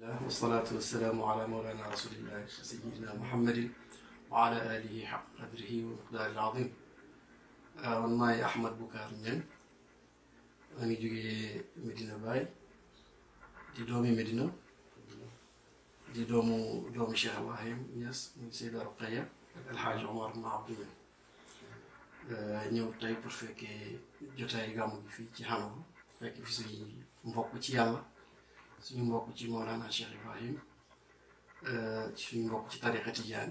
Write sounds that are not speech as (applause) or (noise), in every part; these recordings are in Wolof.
والصلاة والسلام على مولانا رسول الله سيدنا محمد وعلى آله حق قدره ومقداره العظيم والله أحمد بكار من أنا جوي مدينة باي دي دومي مدينة دي دومو دومي شيخ إبراهيم ياس من سيدة رقية الحاج عمر بن عبد المن آه، نيو تاي بور فيكي جوتاي غامو في تي هانو فيكي في سي مبوك تي يالا suñu mbokk ci Mawlana Cheikh Ibrahim ee, suñu mbokk ci tariqa Tijaan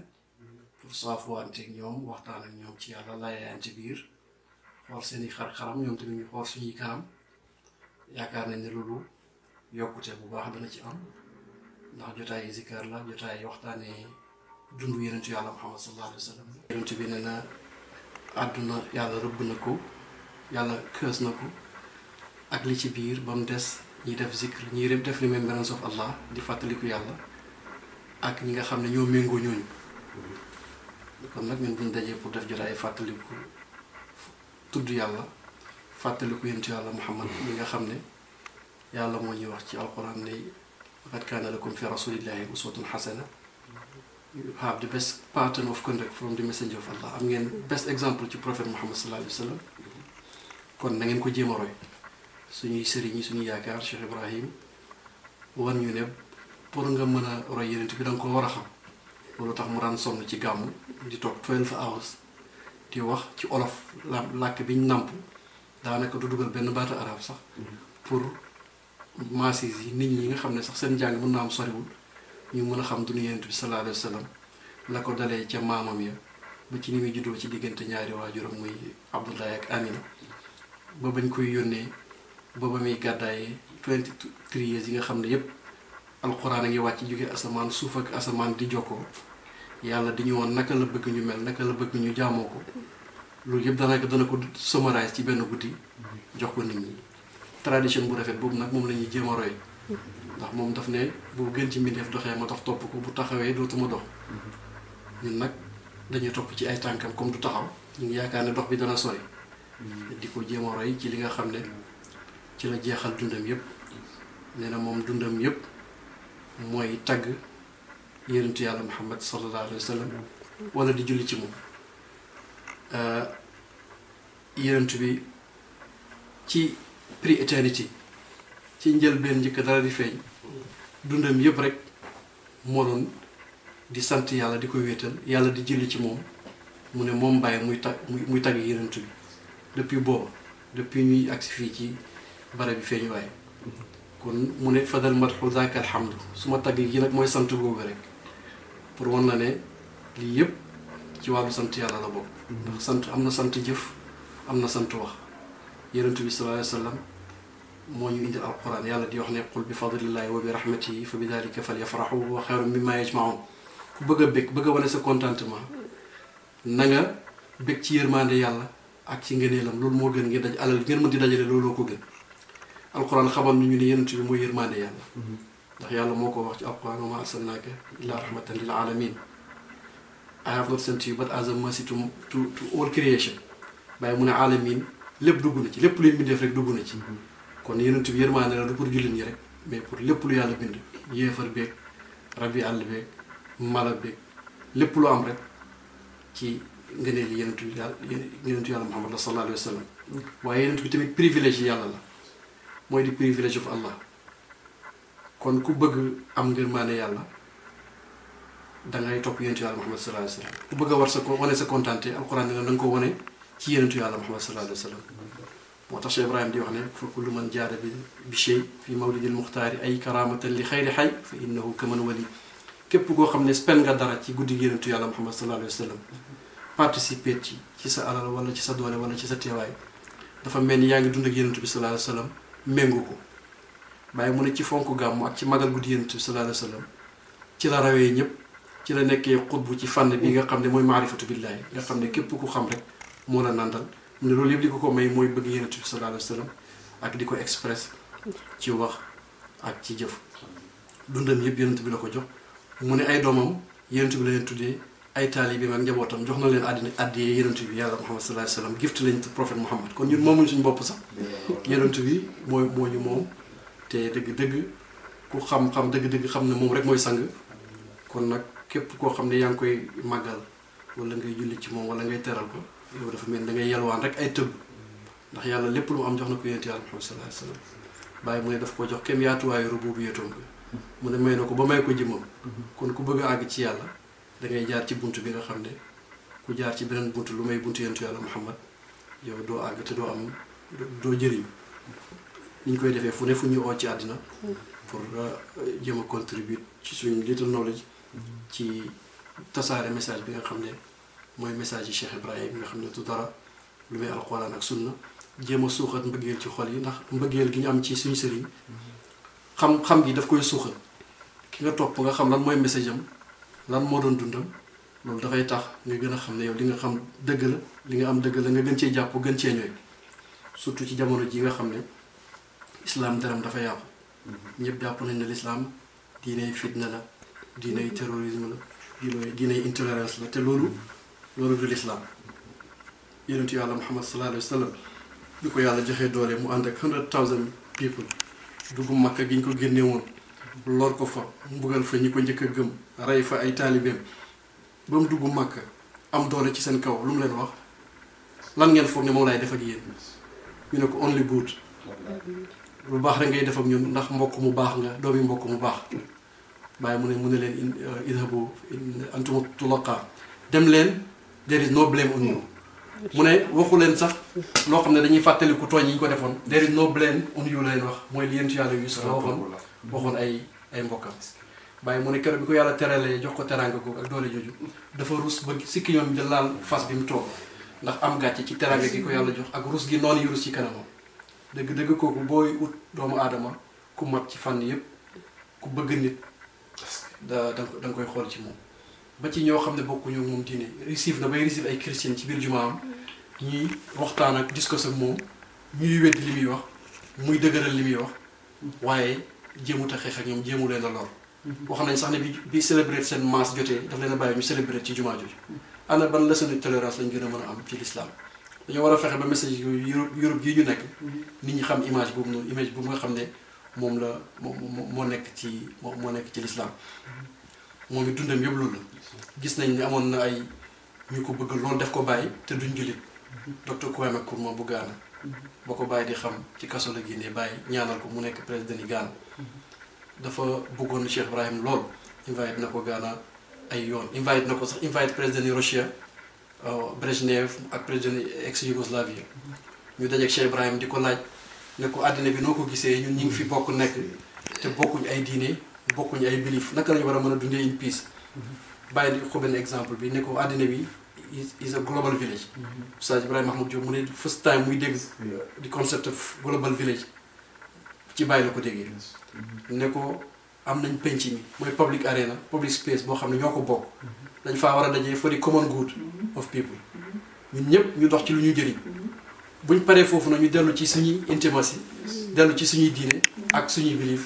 pour saafuwante ak ñoom waxtaan ak ñoom ci yàlla layaante biir xool seeni xar-xaram ñoom tamit ñu xool suñuy kanam yaakaar nañ ne loolu yokkute bu baax dana ci am ndax jotaay zikar la jotaay waxtaanee dundu yenentu yàlla Muhammad sallallahu alayhi wa sallam yenentu bi nee na àdduna yàlla rëbb na ko yàlla këes na ko ak li ci biir ba mu des ñi def zikr ñi def remembrance of Allah di fàttaliku yàlla ak ñi nga xam ne ñoo méngoo ñooñu kon nag ñun buñ dajee pour def jotaay fàttaliku tudd yàlla fàttaliku yentu yàlla Muhammad ñi nga xam ne yàlla moo ñuy wax ci alquran ne laqad kaana lakum fi rasulillahi uswatun hasana you have the best pattern of conduct from the messenger of Allah am ngeen best exemple ci prophète Muhammad sallallahu alayhi wa kon na ngeen ko jéem a roy suñuy sëriñ suñu yaakaar Cheikh Ibrahim wan ñu ne pour nga mën a roy yenent bi da nga ko war a xam loolu tax mu daan sonn ci gàmm di toog twelve hours di wax ci olof la làkk biñ nàmp daanaka du dugal benn baata arab sax mm-hmm. pour massis yi nit ñi nga xam ne sax seen jàng mën naa am soriwul ñu mën a xam dunu yenent bi sallallahu la ko dalee ca maamam ya ba ci ni muy juddoo ci diggante ñaari waajuram muy Abdoulaye ak Amina ba bañ koy yónnee baba mi muy 23 years yi nga xam ne yépp alxuraan a ngi asaman jóge asamaan suuf ak asamaan di jokkoo yàlla di ñu woon naka la bëgg ñu mel naka la bëgg ñu jaamoo ko loolu yëpp daanaka dana ko summarize ci benn guddi jox ko nit ñi tradition bu rafet boobu nag moom la ñuy jéem a roy ndax moom daf ne bu gën ci mbindeef doxee ma dox topp ko bu taxawee dootuma dox ñun nag dañuy topp ci ay tànkam comme du taxaw ñu ngi ne dox bi dana sori di ko jéem a roy ci li nga xam ci la jeexal dundam yëpp nee na moom dundam yëpp mooy tagg yonentu yàlla Muhammad sallallahu alayhi wa wala di julli ci moom euh, yonent bi ci pré-éternité ci njëlbeen njëkk dara di feeñ dundam yëpp rek moo doon di sant yàlla di ko wéetal yàlla di julli ci moom mu ne moom bàyyi muy tag muy tagg yonent bi depuis booba depuis ñuy agsi fii ci barab yi feeñu waay kon mu ne fadal madhu zaak alhamdu suma tagi gi nak moy mooy sant googu rek pour won na ne li yeb ci walu sant yàlla la bok ndax sant amna sant jëf amna sant wax yaronte bi sallallahu alayhi wasallam sallam ñu indi alquran yàlla di wax ne qul bi fadlillahi wa bi rahmatihi fa bi dhalika falyafrahu wa xeyrun mimma yajmaun ku bëgg bëgg bëgg wone sa contentement na nga bëgg ci yërmande yàlla ak ci ngeenelam loolu mo gën ngeen daj alal ngeen mën di dajale looloo ko gën القران خبر نيو ني يونت بي موي يرمان يالا دا يالا موكو واخ سي القران وما ارسلناك الا رحمه للعالمين i have not sent you but as a mercy to to, to all creation باي مون عالمين لب دوغنا سي لب لي مبيديف رك دوغنا سي كون يونت بي يرمان لا دوبور جولين ني رك مي بور لب لو يالا بيند ييفر بيك ربي الله بيك مالا بيك لب لو ام رك سي غنيل يونت يالا يونت يالا محمد صلى الله عليه وسلم واي يونت تو تيمي بريفيليج يالا mooy di privilège of Allah kon ku bëgg am ngërmaane yàlla dangay topp yonentu yàlla Muhammad sallallahu alayhi ku bëgg a war sa ko wane sa kontaante alquran dina na ko wane ci yonentu yàlla Muhammad sallallahu alayhi wa sallam moo tax Cheikh Ibrahima di wax ne fa kullu man jaada bi bi shay fi mawlidil muxtaari ay karamatan li xayri xay fa innahu kaman wali képp koo xam ne spend nga dara ci guddi yonentu yàlla Muhammad sallallahu alayhi wa sallam participer ci ci sa alal wala ci sa doole wala ci sa teewaay dafa mel ni yaa ngi dund ak yonentu bi sallallahu alayhi wa sallam méngu ko bàyyi mu ne ci fonk gàmmu ak ci magal guddi yonent bi sallallahu alayhi wa sallam ci la rawee ñëpp ci la nekkee xutbu ci fànn bi nga xam ne mooy maarifatu billaahi nga xam ne képp ku xam rek moo la nandal mu ne loolu yëpp li ko ko may mooy bëgg yonent bi sallallahu alayhi wa sallam ak di ko express ci wax ak ci jëf dundam yëpp yonent bi la ko jox mu ne ay doomam yonent bi la leen tuddee ay taalibeem ak njabootam jox na leen àddina àddiyee yonent bi yàlla Muhammad sallallahu alayhi wa sallam gift lañ te prophète Muhammad kon ñun moomuñ suñu bopp sax yonent bi mooy moo ñu te dëgg-dëgg ku xam-xam dëgg xam ne moom rek mooy sang kon nag képp koo xam ne yaa ngi koy màggal wala ngay julli ci moom wala ngay teral ko yow dafa mel da ngay yalwaan rek ay tëb ndax yàlla lépp lu mu am jox na ko yonent yàlla Muhammad sallallahu alayhi wa sallam bàyyi mu ne daf ko jox kem yaatuwaayu rubuubiyatoom mu ne may na ko ba may ko jëmmam kon ku bëgg a àgg ci yàlla da ngay jaar ci bunt bi nga xam ne ku jaar ci beneen bunt lu may bunt yentu yàlla Muhammad yow doo àgg te doo am doo jëriñ ni koy defee fu ne fu ñu oo ci àddina pour euh, jéem a contribuer ci suñu little knowledge ci tasaare message bi nga xam ne mooy message yi Cheikh Ibrahim nga xam ne du dara lu may alquran ak sunna jéem a suuxat mbëggeel ci xol yi ndax mbëggeel gi ñu am ci suñu sëriñ xam-xam gi daf koy suuxat ki nga topp nga xam la mooy message am lan moo doon dundam loolu dafay tax nga gën a xam ne yow li nga xam dëgg la li nga am dëgg la nga gën cee jàpp gën cee ñooy surtout ci jamono ji nga xam ne islaam deram dafa yàqu mm-hmm. ñëpp jàpp nañ ne lislaam diiney fitna la diiney terrorisme la diiney diiney intolérance la te loolu loolu du lislaam yonentu yàlla Muhammad sallallahu alayhi wa sallam bi ko yàlla joxee doole mu ànd ak hundred thousand people dugg Makka gi ñu ko génne woon lor ko fa mbugal fa ñi ko njëkk a rey fa ay taalibeem ba mu dugg màkk am doole ci seen kaw lu mu leen wax lan ngeen foog ne moom laay def ak yéen ñu ne ko only good lu baax rek ngay def ak ñun ndax mbokk mu baax nga doomi mbokk mu baax bàyyi mu ne mu ne leen uh, idhabu antuma tulaqa dem leen there is no blame mu ne waxu leen sax loo xam ne dañuy fàttaliku tooñ yi ñu ko defoon there is no blame on you leen wax mooy li yéen ci yàlla yu sa waxoon waxoon ay ay mbokkam bàyyi mu ne keroog bi ko yàlla teralee jox ko teraanga googu ak doole jooju dafa ruus ba sikki ñoom jël laal fas bi mu toog ndax am gàcce ci teraanga gi ko yàlla jox ak rus gi noonu yi rus ci kanamam dëgg-dëgg kooku booy ut doomu aadama ku mat ci fànn yëpp ku bëgg nit da da koy xool ci moom ba ci ñoo xam ne bokkuñu moom diine receive na bay receive ay chrétien ci biir jumaa am ñuy waxtaan ak discours ak moom ñuy weddi li muy wax muy dëgëral li muy wax waaye jéemut a xeex ak ñoom jéemu leen wax nañ sax ne bi bi célébrer seen masse jotee daf leen a bàyyi ñu célébrer ci jumaa jooju ana ban leçon de tolérance lañ gën a mën a am ci l'islam dañoo war a fexe ba message yu Europe nekk nit ñi xam image boobu noonu image boobu nga xam ne moom la moo moo nekk ci moo nekk ci l'islam moom it dundam yëpp loolu la gis nañ ni amoon na ay ñu ko bëgg loolu def ko bàyyi te duñ jullit docteur Kwame Nkrumah bu Ghana ba ko bàyyi di xam ci kaso la génnee bàyyi ñaanal ko mu nekk président yi Ghana dafa bëggoon Cheikh Ibrahim lool invite na ko Ghana ay yoon invite na ko sax invite président yu Russia euh, Brezhnev ak président ex Yougoslavie ñu dajeeg Cheikh Ibrahim di ko laaj ne ko àddina bi noo ko gisee ñun ñu ngi fi bokk nekk te bokkuñ ay diine bokkuñ ay belief naka la ñu war a mën a dundee une peace bàyyi ko benn exemple bi ne ko àddina bi is a global village. Mm-hmm. Oustaz Ibrahima Mahmoud Diop mu ne first time muy dégg di concept of global village. ci bàyyi la ko déggee ne ko am nañ penc mi mooy public arena public space boo xam ne ñoo ko bokk dañ faa war a dajee for the common good of people ñun ñëpp ñu dox ci lu ñuy jëriñ buñ paree foofu na ñu dellu ci suñuy intimacy dellu ci suñuy diine ak suñuy belief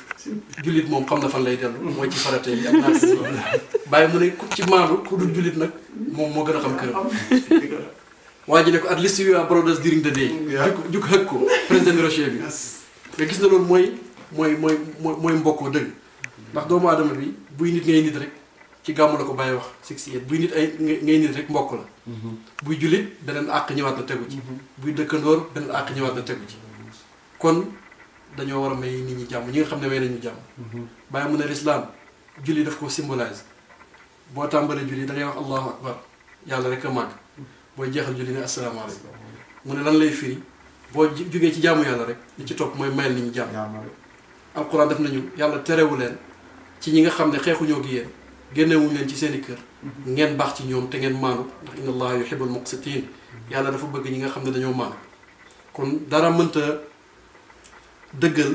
jullit moom xam na fan lay dellu mooy ci farate yi ak naas bàyyi mu ne ku ci maandu ku dul jullit nag moom moo gën a xam këram waa ji ne ko at least we are brothers during the day mais gis na loolu mooy mooy mooy mooy mbokkoo dëgg ndax doomu adama bi buy nit ngay nit rek ci gàmmu la ko bàyyi wax si buy nit ay ngay nit rek mbokk la mhm. buy jullit beneen àq ñëwaat na tegu ci mhm. buy dëkkandoor beneen àq ñëwaat na tegu ci kon dañoo war a may nit ñi jàmm ñi nga xam ne may nañu jàmm mhm. bàyyi mu ne lislaam julli daf ko symbolise boo tàmbalee julli da wax allahu akbar yàlla rek a màgg booy jeexal julli ne asalaamaaleykum mu ne lan lay firi boo jógee ci jàmm yàlla rek li ci topp mooy mayal ni ñu jàmm alquran def nañu yàlla terewu leen ci ñi nga xam ne xeexuñoo gi yéen génnewuñ leen ci seen i kër mm-hmm. ngeen baax ci ñoom te ngeen maanu ndax inna allaha yuhibbul muqsitin mm-hmm. yàlla dafa bëgg ñi nga xam ne dañoo maanu kon dara mënta dëggal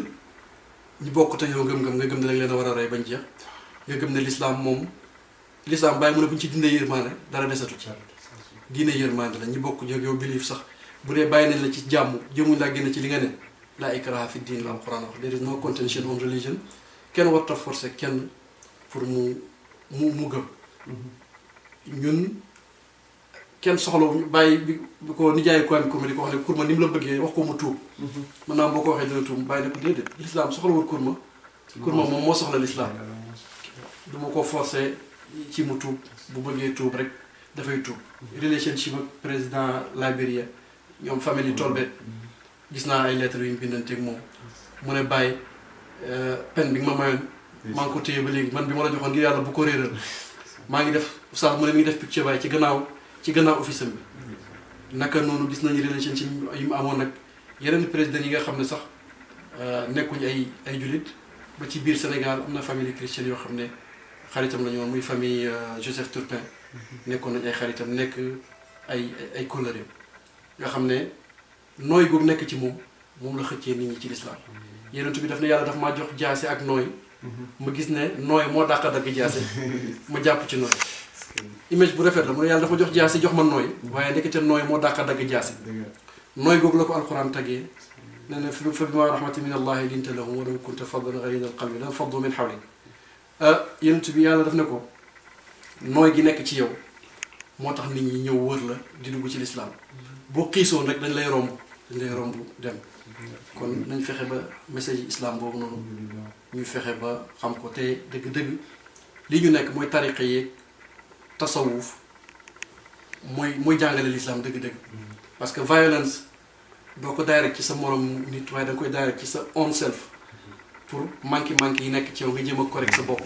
ñu bokk te yow gëm-gëm nga gëm ne dañ leen war a rey bañ jeex nga gëm ne lislaam moom lislaam bàyyi mu ne bu ñu ci dindee yërmaande dara desatu ci diine yërmaande la ñu bokk jóg yow bilif sax bu dee bàyyi nañ la ci jàmm jëmuñ laa génn ci li nga ne laa ikraha fi diin la alquran wax there is no contention on religion kenn warta forcer kenn pour mu mu mu gëm ñun kenn soxlawuñu bàyyi bi ko nijaayu ko am kurma di ko wax ne kurma ni mu la bëggee wax ko mu tuub maanaam mhm. boo ko waxee dina tuub bàyyi ne ko déedéet lislaam soxlawul kurma kurma moom moo soxla lislaam du ma ko forcer ci mu tuub bu bëggee tuub rek dafay tuub mhm. relationship ak président Liberia ñoom famille Tolbe gis naa ay lettres yu ñu bindanteeg moom mu ne bàyyi pen bi nga ma mayoon maa ngi ko téye ba léegi man bi ma la joxoon ngir yàlla bu ko réeral maa ngi def sax mu ne mi ngi def picture bàyyi ci gannaaw ci gannaaw office am bi naka noonu gis nañu relation ci yi mu amoon nag yeneen président yi nga xam ne sax nekkuñ ay ay jullit ba ci biir Sénégal am na famille chrétienne yoo xam ne xaritam la ñu woon muy famille Joseph Turpin nekkoon nañ ay xaritam nekk ay ay ay kóllëreem nga xam ne noy googu nekk ci moom moom la xëccee nit ñi ci lislaam yonent bi daf ne yàlla daf maa jox jaase ak nooy mhm. ma gis ne nooy moo dàq dagg jaase (laughs) ma jàpp ci nooy bu rafet la mu ne yàlla dafa jox jaase jox ma nooy waaye nekk ca nooy moo dàq dagg jaase nooy googu la ko alquran tagee nee na fa bimaa rahmatin min allahi linta lahum wa law kunta fadlan ghaliza alqalbi lan faddu min hawlik ah, yonent bi yàlla daf ne ko nooy gi nekk ci yow moo tax nit ñi ñëw wër la di dugg ci lislaam boo xiisoon rek dañ lay romb dañ lay romb dem kon nañ fexe ba message islam boobu noonu ñu fexe ba xam ko te dëgg-dëgg li ñu nekk mooy tariqa yeeg tasawuf mooy mooy jàngale l'islam dëgg-dëgg parce que violence doo ko direct ci sa morom nit waaye da koy direct ci sa own self pour manqué manqué yi nekk ci yow nga jéem a correct sa bopp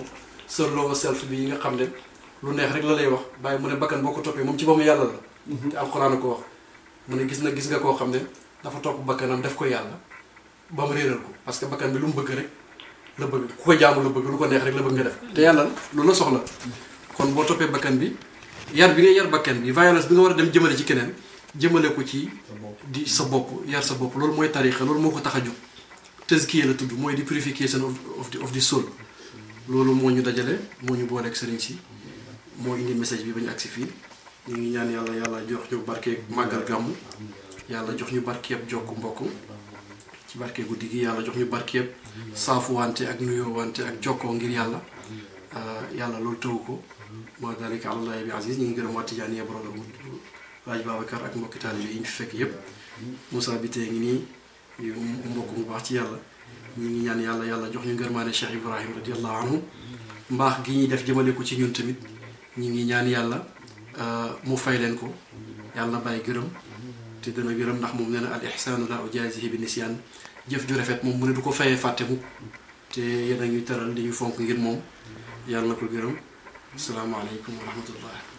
sa low self bi yi nga xam ne lu neex rek la lay wax bàyyi mu ne bakkan boo ko toppee moom ci ba mu yàlla la mhm. te alxuraan ko wax mu ne gis na gis nga koo xam ne dafa topp bakkanam def ko yàlla ba mu réeral ko parce que bakkan bi lu mu bëgg rek la bëgg ku ko jaamu la bëgg lu ko neex rek la bëgg nga def te yàlla loolu la soxla kon boo toppee bakkan bi yar bi nga yar bakkan bi violence bi nga war a dem jëmale ci keneen jëmale ko ci di sa bopp yar sa bopp loolu mooy tarixa loolu moo ko tax a jóg tëskiye la tudd mooy di purification of the of the soul loolu moo ñu dajale moo ñu booleeg sëriñ si moo indi message bi ba ñu fii ñu ngi ñaan yàlla yàlla jox ñu barkeeg màggal gàmm yàlla jox ñu barkeeb jokk mbokk ci barke guddi gi yàlla jox ñu barkeeb saafu ak nuyoo wante ak jokkoo ngir yàlla ah, yàlla loolu taw ko maa dalika alallaahi bi aziz ñu ngi waa Tijaaniya borom ak mbokki taalibe yi ñu fekk yëpp Moussa bi tee ngi nii di mbokk mu baax ci yàlla ñu ngi ñaan yàlla yàlla jox ñu ngërmaane Cheikh Ibrahim radiallahu mbaax gi ñuy def jëmale ko ci ñun tamit ñu ngi ñaan yàlla Euh, mu fay leen ko yàlla na bàyyi gërëm te dana gërëm ndax moom nee na al ihsaanu laa ujazihi bi nisyaan jëf ju rafet moom mu ne du ko fayee fàtte mukk te yéen a ñuy teral di ñu fonk ngir moom yàlla na ko gërëm asalaamaaleykum wa rahmatullah